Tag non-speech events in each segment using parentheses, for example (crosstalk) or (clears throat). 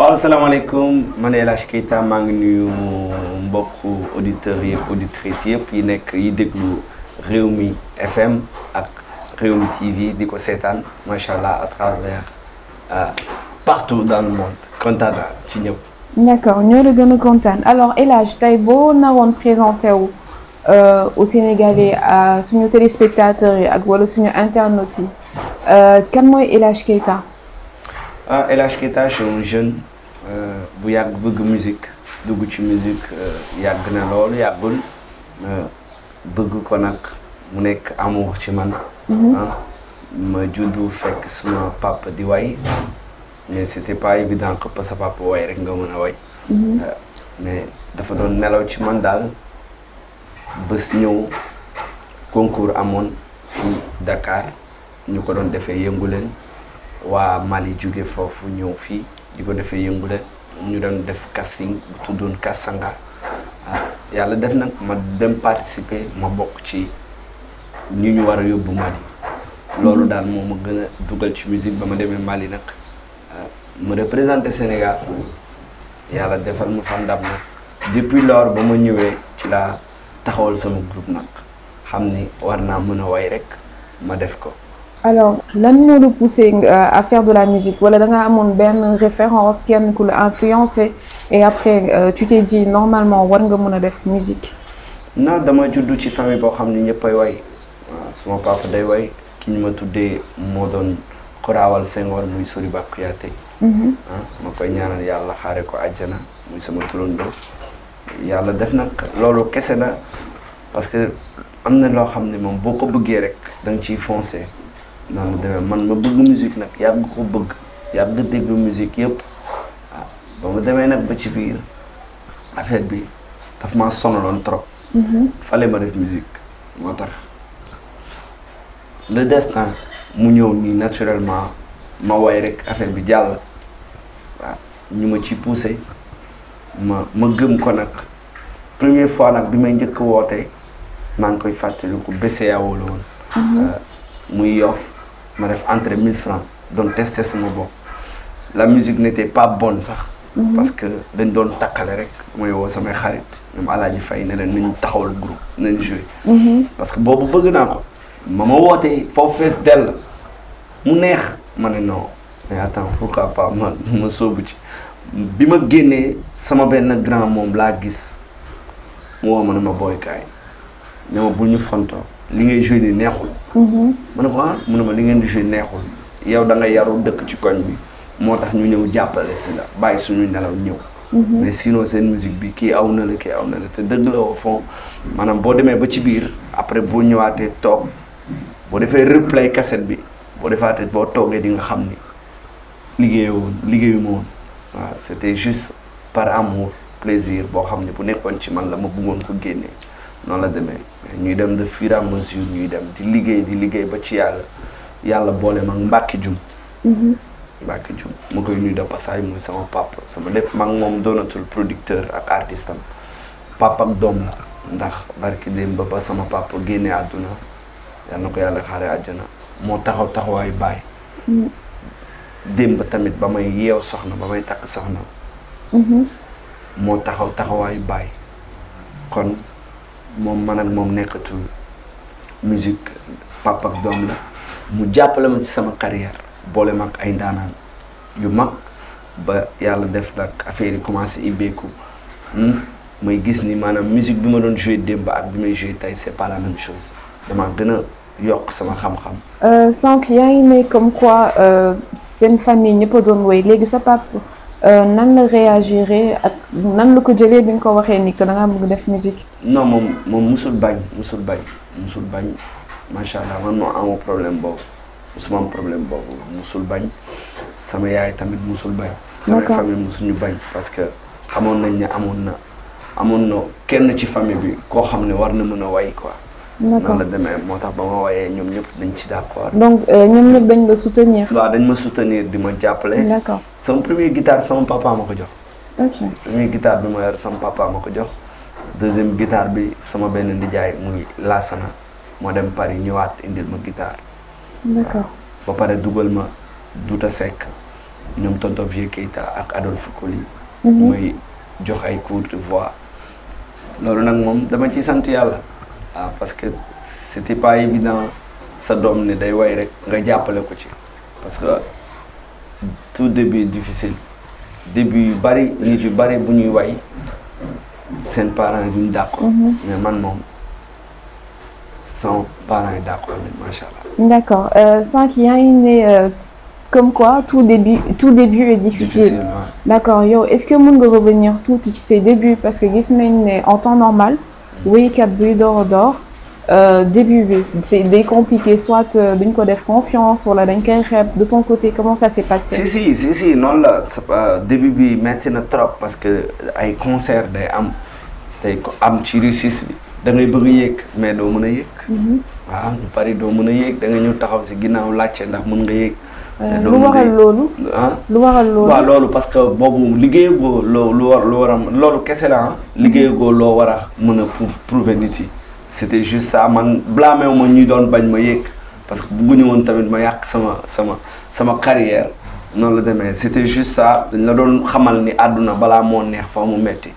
waaw asalaamaaleykum man El Keita maa ngi nuyu mbokk auditeurs yëpp auditrices yëpp yi nekk yi déglu Rewmi FM ak Rewmi TV di ko seetaan macha allah à travers euh, partout dans le monde kontaan naa ci ñëpp. d'accord ñoo la gën a kontaan alors El Hadj tey boo naroon présenté wu euh, au Sénégalais suñu téléspectateurs yi ak wala suñu internautes yi euh, kan mooy El Hadj Keita. ah El Keita je un jeune bu yàgg bëgg musique dugg ci musique euh, yàgg na loolu yàggul euh, bëgg ko nag mu nekk amour ci man mhm. ah, ma juddu fekk suma papa di way mais c'était pas évident que pa sa papa way rek nga mën a way mhm. euh, mais dafa doon nelaw ci man daal bés ñëw concours amoon fii dakaar ñu ko doon defee yënguleen waa Mali jóge foofu ñëw fii di ko defee yëmbale ñu doon def casting bu tuddoon Kassanga ah, yàlla def nag ma dem participer ma bokk ci ñi ñu war a yóbbu Mali loolu daal moo ma gën a dugal ci musique ba ma demee Mali nag ah, mu représenté Sénégal yàlla defal ma fa ndam nag depuis lors ba ma ñëwee ci laa taxawal sama groupe nag xam ni war naa mën a way rek ma def ko alors lan moo la poussé euh, à de la musique wala da nga amoon benn référence kenn ku la influencé et après euh, tu t'es dit normalement war nga mën a def musique. non dama juddu ci famille boo xam ne ñëppay way waaw ah, suma papa day way ki ñu ma tuddee moo doon xoraawal Senghor muy Soriba Kouyaté. Mhm. Ah, ma koy ñaanal yàlla xaare ko àjjana muy sama turandoo yàlla def nag loolu kese na parce que am na loo xam ne moom boo ko bëggee rek da nga ciy foncé. noonu demee man ma bëgg musique nag yàgg ko bëgg yàgg déglu musique yëpp ah, ba mu demee nag ba ci biir affaire bi daf maa sonaloon trop. Mm-hmm. fale ma def musique moo tax le destin mu ñëw nii naturellement ma way rek affaire bi jàll waaw ah, ñu ma ci poussé ma ma gëm ko nag premier fois nag bi may njëkk wootee maa ngi koy fàttaliku BCEAO la woon mm-hmm. ah, muy Yoff ma def entrée 1000 francs doon tester sama bopp la musique n'était pas bon sax. Mhm. parce que dañ doon takkale rek mooy woo samay xarit ñoom Alaaji Fay ne leen nañu taxawal group nañu joué. Mhm. parce que boobu bëgg naa ko. ma ma wootee foofu fees dell mu neex ma ne non mais attends pourquoi pas ma ma sóobu ci bi ma génnee sama benn grand moom laa gis mu woo ma ne ma booykaay ne ma bul ñu fontoo. li ngay joué ni neexul. Mm-hmm. ma ne ko ah ma li ngeen di joué neexul yow da nga yaru dëkk ci koñ bi moo tax ñu ñëw jàppale si la bàyyi suñu nelaw ñëw. Mm-hmm. mais sinon seen musique bi kii aw na la kii aw na la te dëgg la woo fond maanaam boo demee ba ci biir après boo ñëwaatee toog boo defee replay cassette bi boo defaatee boo toogee di nga xam ni liggéeyu woon liggéeyu ma woon waaw juste par amour plaisir boo xam ne bu nekkoon ci man la ma buggoon ko génnee. noonu la demee ñuy dem de fur et à mesure ñuy dem di liggéey di liggéey ba ci yàlla yàlla boole ma Mbacke Dioum. Mbacke mhm. Dioum mu koy nuyu de passage muy sama papa sama lépp ma moom doonatul producteur ak artiste am papa ak doom la. ndax barki démb ba ba sama papa génne àdduna yal na ko yàlla xaare àjjana moo taxaw taxawaayu baay. Mhm. démb tamit ba may yeew soxna ba may takk soxna. Mhm. moo taxaw taxawaayu baay kon. moom man ak moom nekkatul musique papa ak doom la mu jàppale ma ci sama carrière boole ma ak ay ndaanaan yu mag ba yàlla def nag affaire yi commencé ibbeeku hmm? may gis ni maanaam musique bi ma doon joué démb ak bi may joué tey c'est pas la même damaa gën a yokk sama xam-xam. Euh, sànq yaa ngi ne comme quoi euh, seen famille ñëpp a doon woy léegi sa papa. Euh, nan la réagiré ak nan la ko jëlee bi nga ko waxee ni que da ngaa bëgg def musique. non moom moom musul bañ musul bañ musul bañ macha allah man moo amoo problème boobu musuma problème boobu musul bañ sama yaay tamit musul bañ. sama famille musuñu bañ parce que xamoon nañ ne amoon na amoon noo kenn ci famille bi koo xam ne war na mën a way quoi. d'accord noonu la demee moo tax ba ma waaye ñoom ñëpp dañ ci d'accord. donc euh, ñoom ñëpp dañ la soutenir. dañ ma soutenir di ma jàppale. d'accord sama premier guitare sama papa ko jox. ok premier guitare bi sama papa ko jox. deuxième guitare bi sama benn ndijaay muy Lassana moo dem Paris ñëwaat indil ma guitare. ba pare dugal ma Douta Seck ñoom tonton Vieux ak Adolphe Coly. Mhm. jox ay cours de loolu nag moom dama ci sant yàlla. waaw ah, parce que c'était pas évident sa doom ne day way rek nga jàppale ko ci parce que tout début difficile début yu bari nit yu bari bu ñuy way seen parent yi duñ d'accord mhm. man moom sama parents yi d'accord nañ macha allah. d'accord sànq yaa ngi ne comme quoi tout début tout début est difficile. difficile ouais. d'accord yow est-ce que mën nga revenir tuuti ci ses débuts parce que gis nañ ne en temps normal. woykat buy door a door début bi c'est day compliqué soit euh, dañ ko def confiance wala dañ koy xeeb de ton côté comment ça s'est passé. si si si si noonu la début bi metti na trop parce que ay concert day am day ko am ci bi da ngay bëgg a yéeg mais doo mën a yéeg. waaw mm-hmm. ah, ñu bari doo mën a yéeg da nga ñëw taxaw si ginnaaw laajte ndax mën nga yéeg. Euh, lu waral loolu ah lu waral loolu loolu parce que boobu liggéeyagoo loo lu war lu war a loolu kese la ah liggéeyagoo loo war a mën a prouver nit yi c'était juste ça man blâmé wu ma ñuy doon bañ ma yëg parce que bëgguñu woon tamit ma yàq sama sama sama carrière noonu la demee c'était juste ça dañ la doon xamal ni àdduna balaa moo neex fa mu metti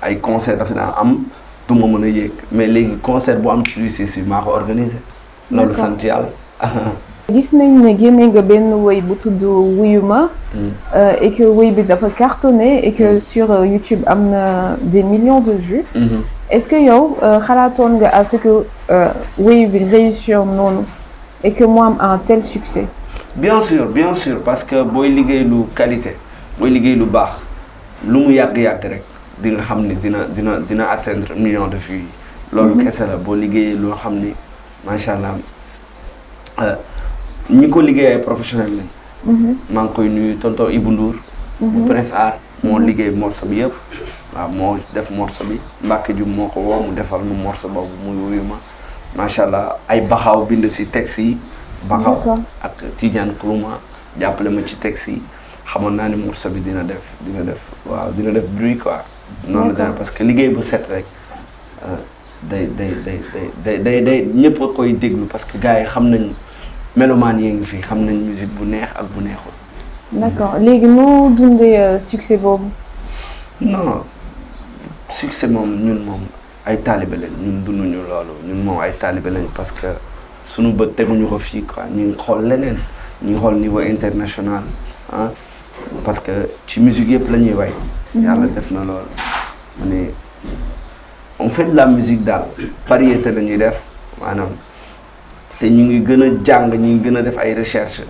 ay concert dafa daan am du ma mën a yéeg mais léegi concert bu am ci UCC maa ko organisé loolu sant yàlla (laughs) gis nañ ne génne nga benn woy bu tudd wuyuma mm. euh, et woy bi dafa cartonné et que mm. sur euh, YouTube am na des millions de vues mm-hmm. est-ce que yow euh, xalaatoon nga à ce que bi réussir noonu et que mu un tel succès bien sûr parce que booy liggéey lu qualité booy liggéey lu baax lu mu yàgg-yàgg rek xam ni dina dina dina atteindre million de vues loolu mm-hmm. kese la boo liggéeyee loo xam ni macha allah ñi ko liggéey ay professionnel lañ. Mhm. maa ngi koy nuyu tonton Ibou bu mhm. Prince Art moo mhm. liggéey morceau bi yëpp. waaw moo def morceau bi Mbacke Diouf moo ko woo mu defal mu morceau boobu muy wuyu ma macha allah ay baxaw bind si texte yi. baxaw ak Tidiane Kourouma jàppale ma ci texte yi xamoon naa ne morceau bi dina def dina def waaw dina def bruit quoi. noonu la dana parce que liggéey bu set rek euh, day day day day day day ñëpp a koy déglu parce que gars yi xam nañ melomaan yee ngi fi xam nañ musique bu neex ak bu neexul. d'accord léegi noo dundee euh, succès boobu. non succès moom ñun moom ay taalibe lañ ñun dunduñu loolu ñun moom ay taalibe lañ parce que suñu bët teguñu ko fii quoi ñu ngi xool leneen ñu ngi xool niveau international ah parce que ci musique yëpp la ñuy way. Mhm. yàlla def na loolu mu ne on fait de la musique daal variété la ñuy def maanaam. te ñu ngi gën a jàng ñu ngi gën a def ay recherche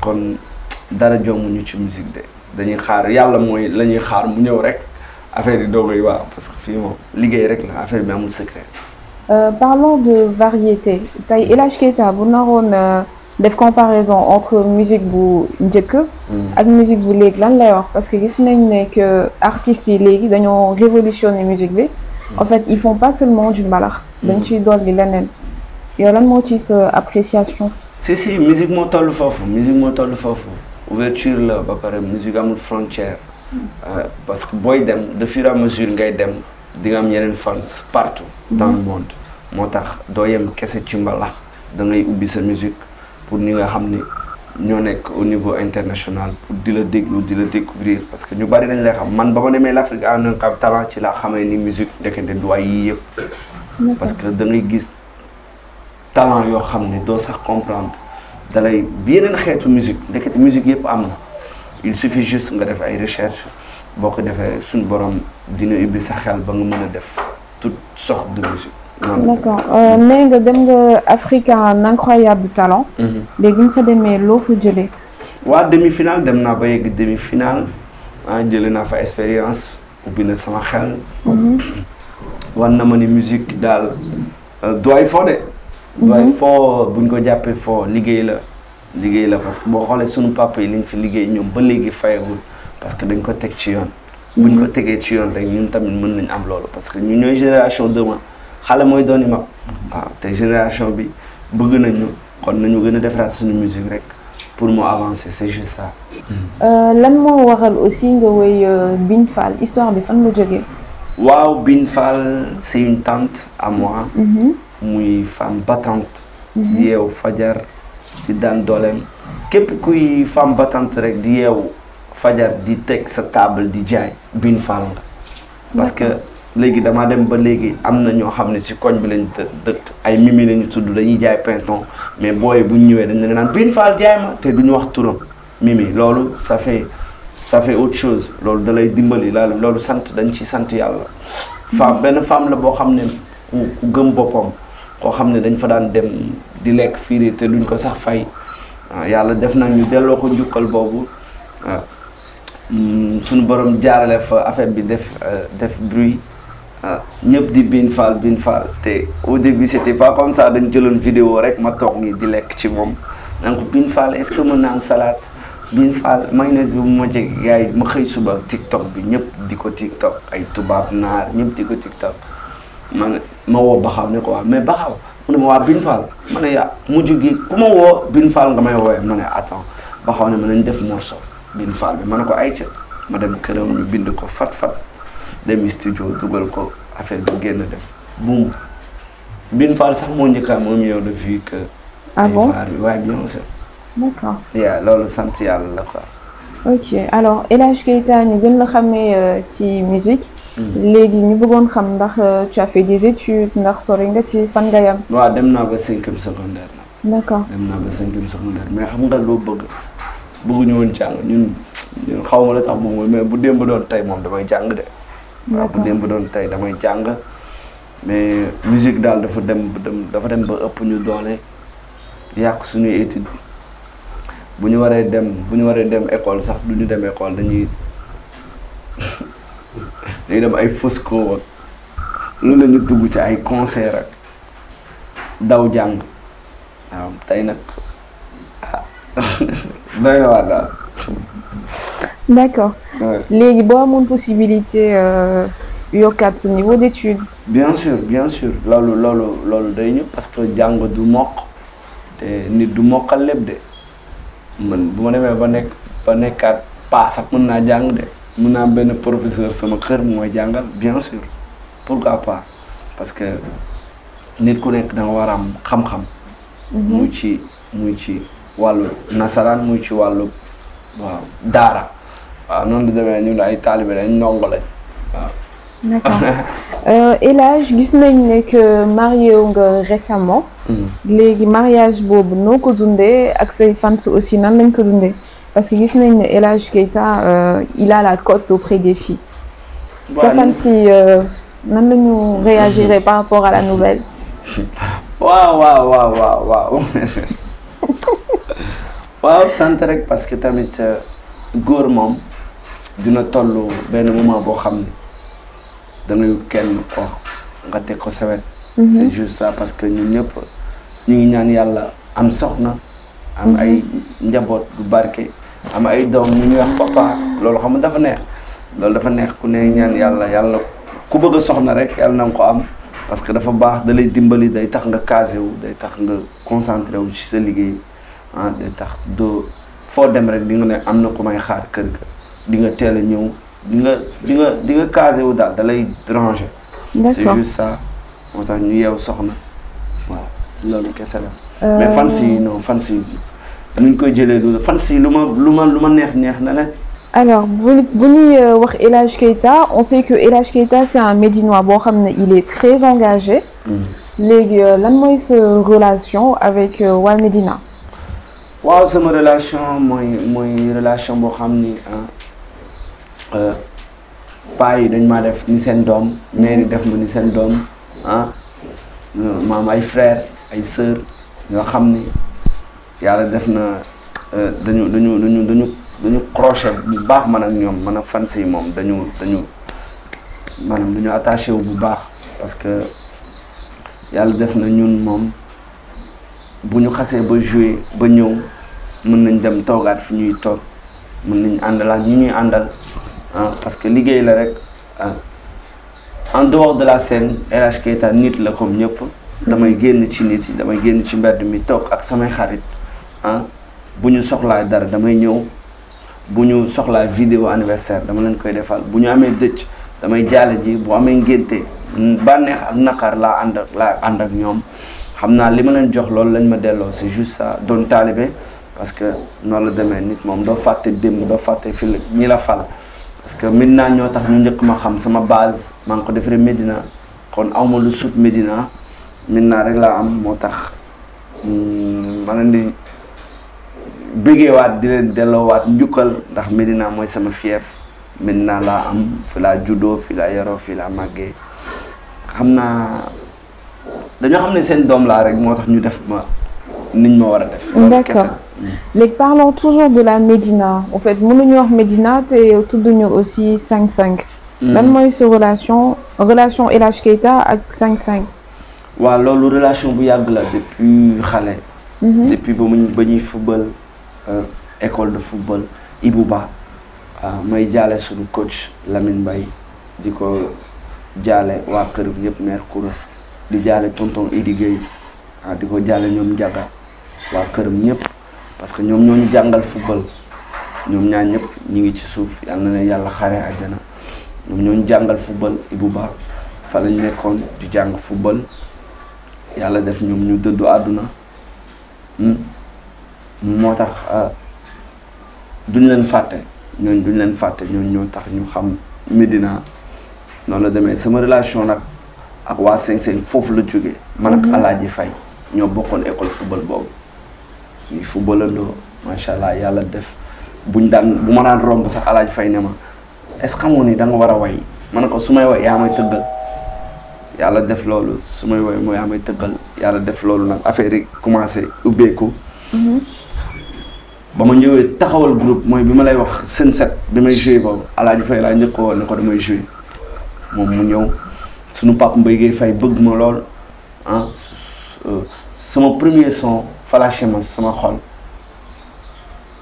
kon dara jommuñu ci musique de dañuy xaar yàlla mooy la ñuy xaar mu ñëw rek affaire yi doog yi waaw parce que fii moom liggéey rek la affaire bi amul secret. Euh, parlons de variété tey El Hadj Keita bu naroon euh, def comparaison entre musique bu njëkk. Hmm. ak musique bu léegi lan lay wax parce que gis nañ ne que artistes yi léegi dañoo révolutionner musique bi. Hmm. en fait ils font pas seulement du mbalax. Hmm. dañ ciy dolli leneen. yow lan moo ci sa appréciation. si si musique moo toll foofu musique moo toll foofu ouverture la ba pare musique amul frontière. Hmm. Euh, parce que booy dem de fur et à mesure ngay dem di nga am yeneen fans partout. Hmm. dans le monde moo tax doo yem kese ci mbalax da ngay ubbi sa musique pour ñi nga xam ni ñoo nekk au niveau international pour di la déglu di la découvrir parce que ñu bari dañ lay xam man ba ma demee l'Afrique en un talent ci la xamee ni musique ndekete du ay yii yëpp. que da gis. talent yoo xam ne doo sax comprendre dalay yeneen xeetu musique ndekete musique yëpp am na il suffit juste nga def ay recherche boo ko defee suñ borom dina ubbi sa xel ba nga mën a def toute sorte de musique d'accord euh, nee nga dem nga Afrique en incroyable talent mhm. léegi nga fa demee loo fa jëlee waa demi-finale dem naa ba yegg demi-finale ah jëlee naa fa expérience ubbi na sama xel mhm. wan na ma ni musique daal euh, du ay fo de waaye mhm. foo ñu ko jàppee foo liggéey la liggéey la parce que boo xoolee suñu papa yi liñ fi liggéey ñoom ba léegi fayagul parce que dañ ko teg ci yoon buñ mhm. ko tegee ci yoon rek ñun tamit mën nañ am loolu parce que ñu ñooy génération demain xale mooy doon i mag te génération bi bëgg nañu kon nañu gën a defaraat suñu musique rek pour mu avancer c'est juste ça. Euh, lan moo waral aussi nga woy euh, Bine Fall histoire bi fan nga jógee. waaw Bine Fall c'est une tante à moi. Mm muy femme battante mhm. di yeew fajar di daan dooleem képp kuy femme battante rek di yeew fajar di teg sa table di jaay bin faal nga parce que léegi damaa dem ba léegi am na ñoo xam ne si koñ bi lañ dëkk ay mimi lañu tudd dañuy jaay pinton mais booy bu ñu ñëwee dañ leen naan bin faal jaay ma te duñu wax turam mimi loolu ça fait ça fait autre chose loolu da lay dimbali loolu sant dañ ci sant yàlla femme benn femme la boo xam ne ku ku gëm boppam koo xam ne dañ fa daan dem di lekk fiiri te duñ ko sax fay ah, yàlla def nag ñu delloo ko njukkal boobu ah, mm, suñu borom jaarale fa affaire bi def euh, def bruit ah, ñëpp di biin faal biin faal te au début c'était pas comme ça dañ jëloon vidéo rek ma toog nii di lekk ci moom donc biin faal est-ce que mën naa salaat salade biin faal mayonnaise bi mu ma jeg yi ma xëy suba tiktok bi ñëpp di ko tiktok ay tubaab naar ñëpp di ko tiktok ma ne ma woo Baxaw ne ko waaw mais Baxaw mu ne ma waa Bin Fall ma ne yaa mujj gi ku ma woo Bin Fall nga may woowee ma ne attends Baxaw ne ma nañ def morceau Bin Fall bi ma ne ko ayca ma dem këram ñu bind ko fat fat dem studio dugal ko affaire bi génn def buum Bin Fall sax moo njëkk a am un million de vues que. ah bon waaye bien sûr. d'accord yaa loolu sant yàlla la quoi. ok alors El Hadj Keita ñu gën la xamee euh, ci musique. léegi ñu bëggoon xam ndax euh, tu as fait des études ndax sori nga ci fan nga waa dem naa ba cinquième secondaire nag. d'accord dem naa ba cinquième secondaire mais xam nga loo bëgg bëgguñu woon jàng ñun xaw ma la tax bëgg mais bu démb doon tey moom damay jàng de. waaw bu démb doon tey damay jàng mais musique daal dafa dem dafa dem ba ëpp ñu doole yàq suñu étude bu ñu waree dem bu ñu waree dem école sax du ñu dem école dañuy. dañuy dem ay fosco ak lu la tugg ci ay concert ak daw jàng waaw tey nag ah, (laughs) doy na daal. d'accord. léegi boo amoon possibilité euh, yokkaat su niveau d'étude. bien sûr bien sûr loolu loolu loolu day ñëw parce que jàng du mokk te nit du mokkal lépp de man bu ma demee ba nekk ba nekkaat paas ak mën naa jàng de. mun naa am benn professeur sama xër mooy jàngal bien sûr pourquoi pas parce que nit ku nekk danga nga war a am xam-xam. Mhm. muy ci muy ci wàllu nasaraan muy ci wàllu waaw daara. waaw noonu la demee ñun ay taalibe lañ ndongo lañ waaw. d'accord (laughs) euh, El gis nañ ne que marié wu nga récemment. Mm. léegi mariage boobu noo ko dundee ak say fans aussi nan lañ ko dundee. Parce que gis nañ ne El Hadj euh, il a la cote auprès des filles. waaw si euh, nan la ñu réagir par rapport à la nouvelle. waaw waaw waaw waaw waaw. waaw sant rek parce que tamit euh, góor moom dina toll benn moment boo xam ne dangay kenn ko nga mhm. c'est juste ça parce que ñun ñëpp ñu ngi ñaan yàlla am soxna. am mhm. ay njaboot bu barke. am ay doom ñu ñuy wax papa loolu xam dafa neex loolu dafa neex ku ne ñaan yàlla yàlla ku bëgg a soxna rek yàlla na nga ko am parce que dafa baax da lay dimbali day tax nga casé wu day tax nga concentré wu ci sa liggéey ah day tax doo foo dem rek di nga ne am na ko may xaar kër ga di nga teel a ñëw di nga di nga di nga casé wu daal da lay ranger. c'est juste ça moo tax ñu yeew soxna waaw loolu kese la. Euh, mais fans yi non fans yi. nuñ koy jëlee loolu fan si lu ma lu ma lu ma neex neex na leen. alors euh, wax El Hadj Keita on sait que El Hadj c'est un Médinois boo xam ne il est très engagé. Mm. léegi euh, lan mooy sa relation avec euh, waa Médina. waaw sama relation mooy mooy relation boo xam ni ah yi dañ ma def ni seen doom mère yi def ma ni seen doom ah maam ay frères ay sœurs yoo xam ni. yàlla def na euh, dañu dañu dañu dañu dañu crochet bu baax man ak ñoom man ak fans yi moom dañu dañu maanaam dañu attaché wu bu baax parce que yàlla def na ñun moom bu ñu xasee ba jouer ba ñëw mën nañ dem toogaat fu ñuy toog mën nañ àndalaat ñu ñuy àndal ah, parce que liggéey la rek ah. en dehors de la scène RH Keita nit la comme ñëpp damay génn ci nit yi damay génn ci mbedd mi toog ak samay xarit ah bu ñu soxlaa dara damay ñëw bu ñu soxlaa vidéo anniversaire dama leen koy defal bu ñu amee dëcc damay jaale ji bu amee ngénte bànneex ak naqar laa ànd ak laa ànd ak ñoom xam naa li ma leen jox loolu lañ ma delloo si juste ça doon taalibe parce que noonu la demee nit moom doo fàtte démb doo fàtte fii ñi la fal parce que Medina ñoo tax ñu njëkk ma xam sama base maa ngi ko defaree Medina kon awma lu sut Medina Medina rek laa am moo tax hmm, ma leen bëggeewaat di leen delloowaat njukkal ndax Medina mooy sama fief Medina laa am fi laa juddoo fi laa yaroo fi laa màggee xam naa dañoo xam ne seen doom laa rek moo tax ñu def ma niñ ma war a def. d'accord léegi toujours de la Médina en fait mënuñu wax Médina te tudduñu aussi 5-5. Hmm. lan mooy sa relation relation El Hadj Keita ak 5-5. waaw loolu relation bu yàgg la depuis xale. Hmm. depuis ba mu ba ñuy football. Euh, école de football Ibou Ba may jaale suñu coach Lamine bay di ko jaale waa këram yëpp mère Koura di jaale tonton Idi Gueye di ko jaale ñoom Njaga waa këram ñëpp parce que ñoom ñoo ñu jàngal football ñoom ñaar ñëpp ñu ngi ci suuf yal na yàlla xare àjjana ñoom ñoo ñu jàngal football Ibou Ba fa lañ nekkoon di jàng football yàlla def ñoom ñu dëddu àdduna hmm. moo tax euh, duñ leen fàtte ñooñ duñ leen fàtte ñooñ ñoo tax ñu xam Médina noonu la demee sama relation nag ak waa Seng Seng foofu la jóge man ak mhm. Alaaji Fay ñoo bokkoon école football boobu ñuy footballandoo macha allah yàlla def buñ daan bu ma daan romb sax alaaj Fay ne ma est-ce nii xamoon da nga war a way man ne ko su may way yaa may tëggal yàlla def loolu su may way mooy yaa may tëggal yàlla def loolu nag affaire yi commencé ubbeeku. Mhm. ba ma ñëwee taxawal groupe mooy bi ma lay wax seen set bi may joué boobu Alaaji Fay laa njëkk woon ne ko damay joué moom mu ñëw suñu pap Mbaye Fay bëgg ma lool ah sama premier son falaché ma sama xol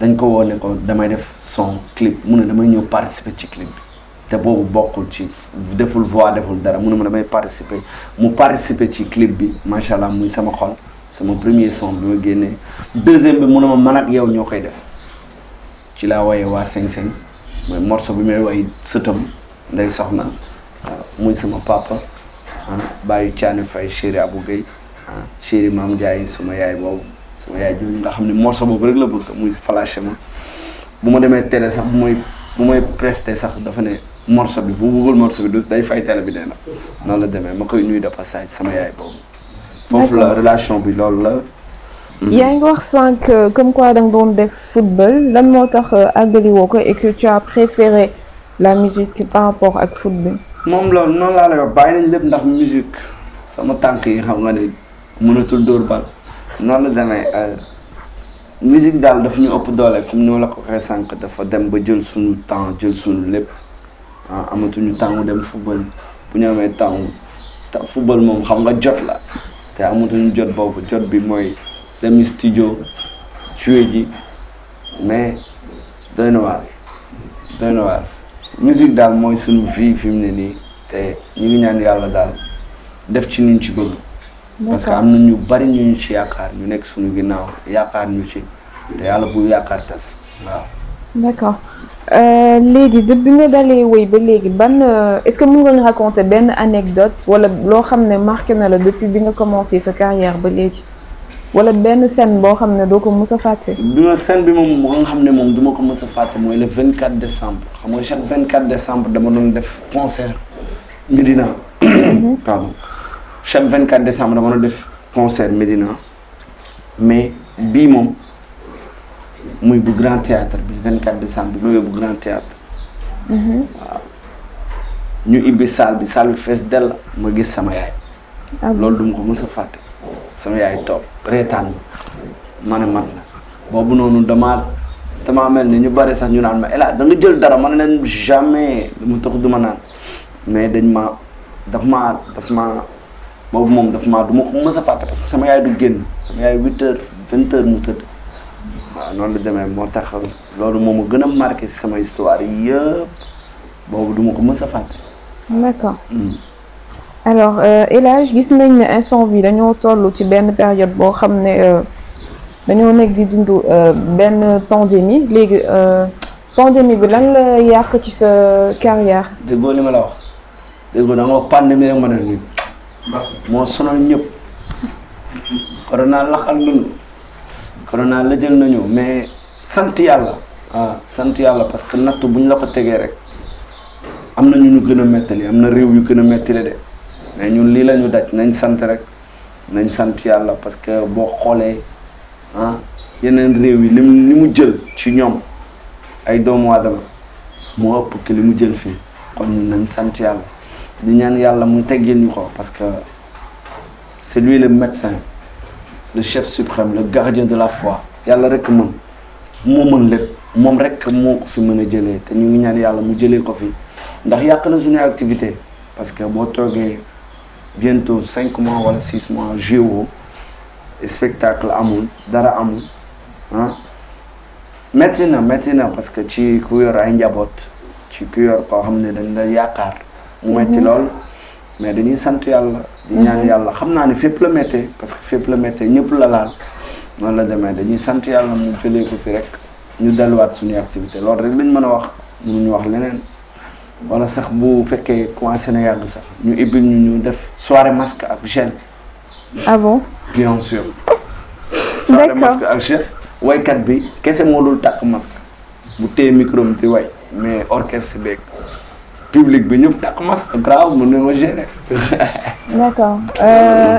dañ ko woo ne ko damay def son clip mu ne damay ñëw participer ci clip bi te boobu bokkul ci deful voix deful dara mu ne ma damay participer mu participer ci clip bi macha allah muy sama xol sama premier son bi ma génnee deuxième bi mu ne ma man ak yow ñoo koy def ci laa woyee waa Seng Seng mooy morceau bi may woy sëtam nday soxna ah, muy sama papa ah, bàyyi caani fay chéri Abou Gueye ah, chéri maam Ndiaye suma yaay boobu suma yaay jooju nga xam ne morceau boobu rek la bëgg muy flashe ma bu ma demee télé sax bu may bu may presté sax dafa ne morceau bi bu bëggul morceau bi day fay télé bi dee na noonu la demee ma koy nuyu de passage sama yaay boobu foofu la relation bi loolu la. yaa ngi wax sànq euh, comme quoi da nga doon def football lan moo tax àggaliwoo euh, ko e que tu as préféré la musique par rapport ak football. moom loolu noonu laa lay wax bàyyi nañ lépp ndax musique sama tànk yi xam nga ne mënatul dóor ba noonu la demee euh, musique daal daf ñu ëpp doolee comme ni la ko waxee sànq dafa dem ba jël suñu temps jël suñu lépp ah amatuñu temps dem football bu ñu amee temps football moom xam nga jot la. te amatuñu jot boobu jot bi mooy dem studio jouer ji mais doy na waar doy na waar musique daal mooy suñu vie fi mu ne nii te ñu ngi ñaan yàlla daal def ci ñu ci bëgg. parce que am na ñu bari ñu ñu ci yaakaar ñu nekk suñu ginnaaw yaakaar ñu ci te yàlla bu yaakaar tas waaw. d'accord. Euh, léegi bi nga dalee woy ba léegi ban euh, est-ce que mën nga raconter benn anecdote wala loo xam ne marqué na la depuis bi nga commencé sa carrière ba léegi wala benn scène boo xam ne doo ko mës a fàtte. bi ma scène bi moom moo nga xam ne moom duma ma ko mës a fàtte mooy le 24 décembre xam nga chaque 24 décembre dama doon def concert Médina. Mm-hmm. (coughs) pardon chaque 24 décembre dama doon def concert Médina mais bii moom. muy bu grand théâtre bi 24 décembre bi ma bu grand théâtre mhm. ñu ibbi salle bi salle bi fees dell ma gis sama yaay ah loolu duma ko mës a fàtte sama yaay toog reetaan ma ne man la boobu noonu damaa damaa mel ni ñu bari sax ñu naan ma El Hadj jël dara man ne leen jamais mu tax duma naan mais dañ ma daf maa daf maa boobu moom daf maa du ma ko mës a fàtte parce que sama yaay du génn sama yaay huit heures mu tëdd waaw noonu la demee moo tax loolu moom mu gën a marqué si sama histoire yëpp boobu duma ko mës a fàtte. d'accord. Hmm. alors euh, gis nañ ne instant bi dañoo toll ci benn période boo xam ne euh, dañoo nekk di dund euh, benn pandémie léegi pandémie bi lan la yàq ci sa carrière. déggoo li ma la wax déggoo da nga wax pandémie rek ma def nii. moo sonal ñëpp. corona laxal nañu. naa la jël nañu mais sant yàlla ah sant yàlla parce que natt bu ñu la ko tegee rek am na ñu ñu gën a mettali am na réew yu gën a mettali de mais ñun lii la ñu daj nañ sant rek nañ sant yàlla parce que boo xoolee ah yeneen réew yi li mu mu jël ci ñoom ay doomu aadama moo ëpp que li mu jël fii kon nañ sant yàlla di ñaan yàlla mu teggeel ñu ko parce que c'est lui le médecin le chef suprême le gardien de la fois yàlla rek mën moo mën lépp moom rek moo ko fi mën a jëlee te ñu ngi ñaan yàlla mu jëlee ko fi ndax yàq na suñu activité parce que boo toogee bientôt cinq mois wala six mois géo spectacle amul dara amul ah na métti na parce que ci ku ay njaboot ci ku koo xam ne dañ la yaakaar mu métti mhm. lool mais dañuy sant yàlla. ñaan mhm. yàlla xam naa ne fépp la méttee parce que fépp la méttee ñëpp la laal noonu la demee dañuy sant yàlla mu jëlee ko fi rek ñu delluwaat suñuy activité loolu rek lañ mën a wax mu mënuñu wax leneen wala sax bu fekkee commencé na yàgg sax ñu ibbil ñu ñu def soirée masque ak gel. ah bon bien ak gel. waykat bi kese moo dul takk masque bu téye micro bi di way mais orchestre beeg. public bi ñëpp takk masque grave mën nañoo gérer. d'accord euh,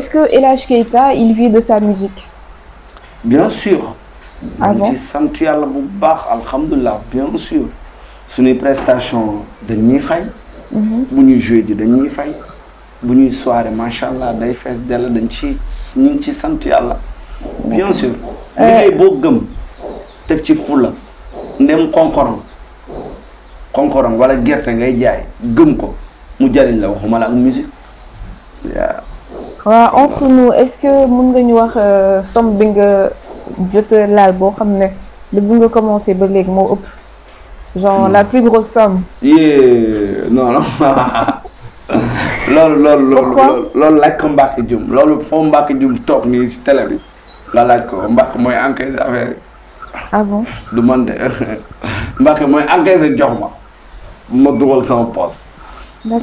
ce que El Hadj Keita il vit de sa musique. bien sûr. ah bon sant yàlla bu baax alhamdulilah bien sûr suñuy prestation dañuy fay. Mhm. bu ñuy joué ji dañuy fay. bu ñuy soirée macha allah day fees dell dañ ci ñu ci sant yàlla. bien sûr. liggéey boo gëm def ci fulla ndem konkorom. xonkoram wala gerte ngay jaay gëm ko mu jariñ la waxuma la ak musique waaw. waaw entre nous est-ce nga ñu wax euh, somme bi nga jot laal boo xam ne li bu moo ëpp. genre hmm. la plus grosse somme. (laughs) loolu loolu. loolu loolu laaj ko Mbacke Dioum loolu foo bi nga laaj ko Mbacke mooy encaisse affaire yi. ah bon du man de (laughs) Mbacke mooy encaisse jox ma. ma du man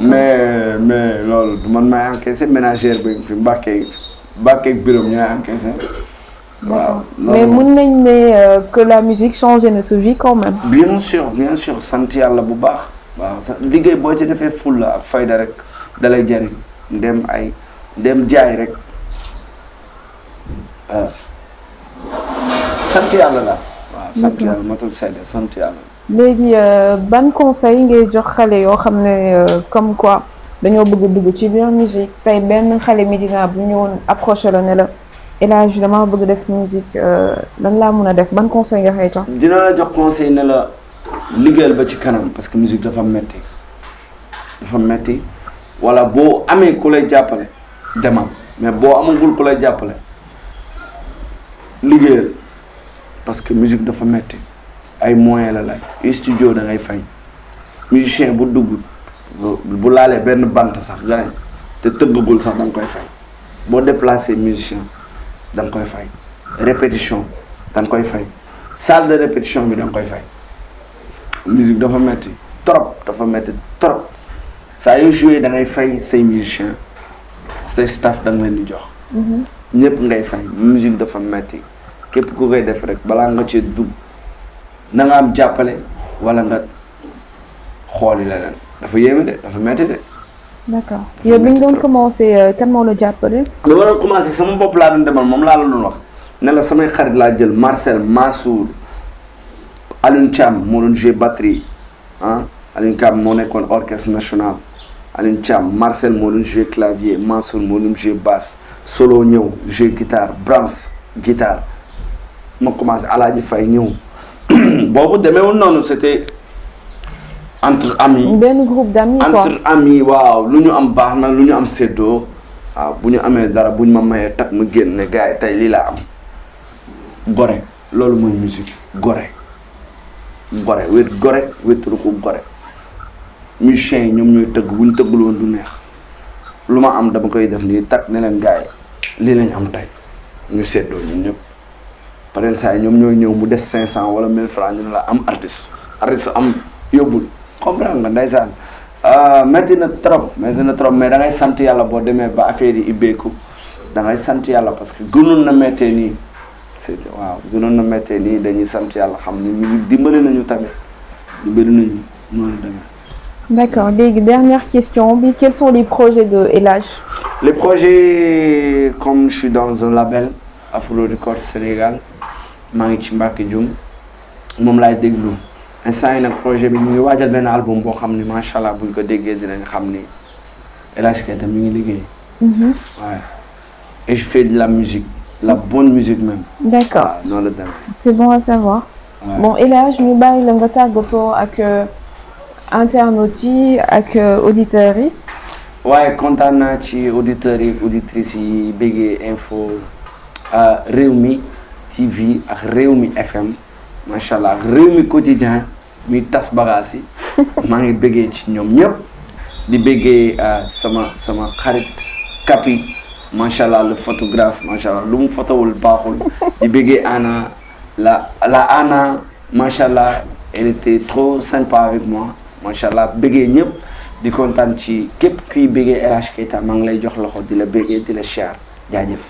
maay encaissé ménagère bi fi Mbacke Mbacke ak Biram ñooy encaissé. waaw mais mun nañ ne euh, que la musique change notre vie quand même. bien sûr bien sûr sant yàlla bu baax. waaw sa liggéey boo ci defee fulla ak fayda rek dalay jariñ dem ay dem jaay rek sant la. waaw sant yàlla matul sedde léegi euh, ban conseil ngay jox xale yoo xam ne euh, comme quoi dañoo bëgg dugg ci biir musique tey benn xale Médina bu ñëwoon approché la ne la El Hadj dama bëgg def musique euh, lan laa mun a def ban conseil nga xëy jox. dina la jox conseil ne la liggéeyal ba ci kanam parce que musique dafa metti dafa metti wala boo amee ku lay jàppale demam mais boo amagul ku lay jàppale liggéeyal parce que musique dafa metti ay moyens la laaj studio da ngay fay musicien bu dugg bu laalee benn bant sax nga ne te tëbbagul sax da koy fay boo déplacé musicien da nga koy fay répétition da koy fay salle bi da koy fay musique dafa metti trop dafa metti trop saa yoo joué da ngay fay say musicien say staff da nga di jox mm-hmm. ñëpp ngay fay musique dafa metti képp ku koy def rek balaa nga ci dugg na jàppale wala nga xooli leneen dafa yéeme de dafa metti de. d'accord yow bi nga doon commencé euh, kan moo la jàppale. nga waroon commencé sama bopp laa doon moom laa la doon wax ne la samay xarit laa jël Marcel Massour Alioune Thiam moo doon joué batterie ah moo nekkoon orchestre national Alioune Thiam Marcel moo doon joué clavier Massour moo doon joué basse solo ñëw joué guitare Brahms guitare ma commencé Alaaji Fay ñëw. (clears throat) boobu demeewul noonu c'était entre amis. benn groupe d'amis quoi entre amis waaw lu ñu am baax na lu ñu am séddoo waaw bu ñu amee dara bu ñu ma mayee takk ma génn ne gars tey lii laa am. gore loolu mooy musique gore gore wét gore wétalu ko gore musiciens yi ñoom ñooy tëgg bu ñu tëggul woon du neex lu ma am dama koy def nii takk ne gaay lii lañ am tey ñu séddoo ñun ñëpp. paren saa yi ñoom ñooy ñëw mu des 500 wala 1000 francs ñu ne la am artiste artiste am yóbbul comprendre nga ndeysaan ah, métti na trop métti na trop mais da ngay sant yàlla boo demee ba affaire yi ibbeeku da ngay sant yàlla parce que gënoon na méttee nii c'est waaw gënoon na méttee nii dañuy sant yàlla xam ni musique dimbali nañu tamit dimbali nañu noonu demee D'accord. Léegi dernière question, quels sont les projets de El Hadj? Les projets, comme je suis dans un label Afro Records Sénégal maa ngi ci Mbacke Dioum moom laay déglu instant yi nag projet bi ñu ngi waajal benn album boo xam ni macha allah buñ ko déggee dinañ xam ni El Hadj mi ngi liggéey. waaw mhm. et je la musique la bonne musique même. d'accord waaw noonu la demee. c'est bon à bon El Hadj ñu bàyyi la nga tàggatoo ak euh, internautes yi ak euh, auditeurs yi. waaye kontaan naa ci auditeurs yi auditrices yi bëggee info euh, réew mi. TV ak réew mi FM macha allah Rewmi Quotidien muy tas bagaas yi (laughs) maa ngi bëggee ci ñoom ñëpp di bëggee euh, sama sama xarit Kapi macha allah le photographe macha allah lu mu fotowul baaxul di bëggee Anna la la Anna macha allah elle était trop sympa avec moi macha allah bëggee ñëpp di kontaan ci képp kuy bëggee RH Keita maa ngi lay jox loxo di la bëggee di la share jaajëf.